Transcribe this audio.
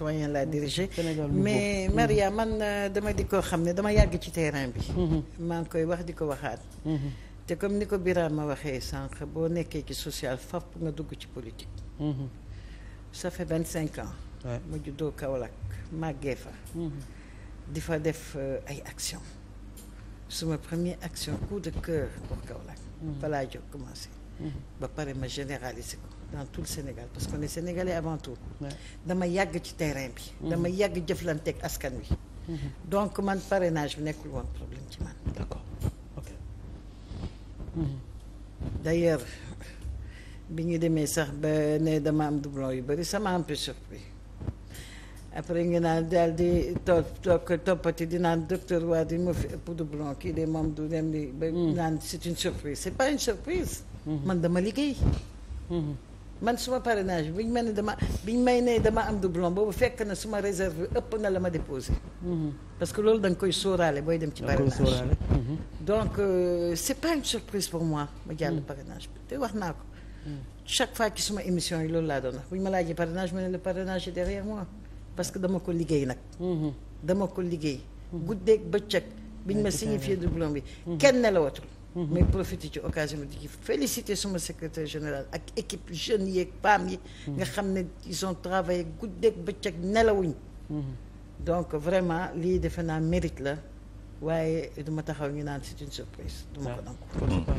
citoyen laa dirigé mais mm-hmm. Maria man euh, dama di koo xam ne dama yàgg ci terrain bi mm-hmm. maa ngi koy wax di ko waxaat mm-hmm. te comme ni ko ma waxee sànq boo nekkee ci sociale faf nga dugg ci politique ça fait vingt cinq ans ma juddoo Kaolack màggee fa di fa def euh, ay action suma première action coup de cœur pour Kaolack fa laa jóg ba pare ma généraliser ko dans tout le Sénégal parce que ni sénégalais avant tout. dama yàgg ci terrain bi. Mhm. dama yàgg jëflanteeg askan bi mhm. donc man parrainage bi nekkul woon problème ci man. d'accord mhm. bi ñu demee sax ba ne dama am doublon yu bari sama un peu surpris après nga naan daal di toog toppati di naan docteur waa di ma fi ëpp doublon kii de moom du dem di. ba naan c'est une surprise c'est pas une surprise. Mhm. man dama liggéey. Mhm. man suma parrainage bi ñu mel ne dama bi ñu may ne dama am doublon boobu fekk na su ma réserve ëpp na la ma déposé. Mhm. parce que loolu da koy sóoraale booy dem ci parrainage donc euh, c'est pas une surprise pour moi ma jàll parrainage bi te wax naa ko chaque fois ci suma émission yi loolu laa doon wax bu ñu ma laajee parrainage ma ne le parrainage est derrière moi parce que dama ko liggéey nag dama ko liggéey guddeeg bëccëg bi ñu ma signifié doublon bi kenn nelawatul Mhm. mais profité ci occasion bi di félicité suma secrétaire général ak équipe jeunes yi ak PAM yi. Mhm. nga xam ne ils ont travaillé guddeeg bëccëg nelawuñ. Mhm. donc vraiment lii defe naa mérite la waaye du ma taxaw ñu naan c'est une surprise. du ma ko nangu.